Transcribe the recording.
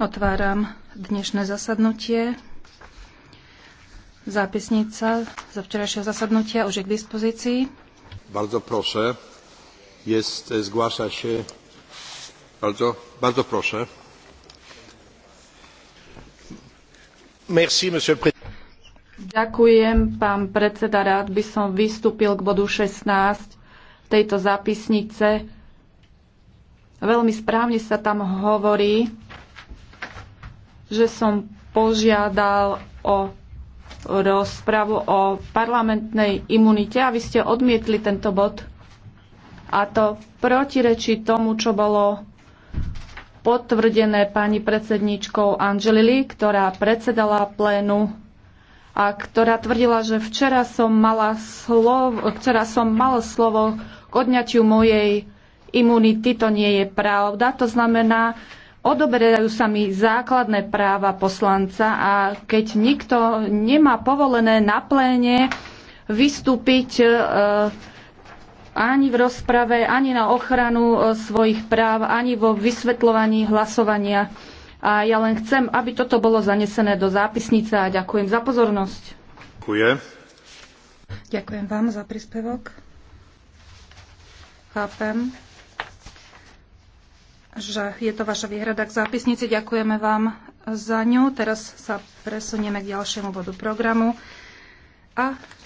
Otváram dnešné zasadnutie. Zápisnica za včerajšieho zasadnutia už je k dispozícii. Bardzo proszę. Jest, zgłasza się. Bardzo, bardzo proszę. Merci, monsieur le Ďakujem, pán predseda. Rád by som vystúpil k bodu 16 tejto zápisnice. Veľmi správne sa tam hovorí, že som požiadal o rozpravu o parlamentnej imunite a vy ste odmietli tento bod. A to protirečí tomu, čo bolo potvrdené pani predsedničkou Angelili, ktorá predsedala plénu a ktorá tvrdila, že včera som, mala slovo, včera som mal slovo k odňatiu mojej imunity. To nie je pravda. To znamená, odoberajú sa mi základné práva poslanca a keď nikto nemá povolené na pléne vystúpiť e, ani v rozprave, ani na ochranu e, svojich práv, ani vo vysvetľovaní hlasovania. A ja len chcem, aby toto bolo zanesené do zápisnice a ďakujem za pozornosť. Ďakujem. Ďakujem vám za príspevok. Chápem že je to vaša výhrada k zápisnici. Ďakujeme vám za ňu. Teraz sa presunieme k ďalšiemu bodu programu. A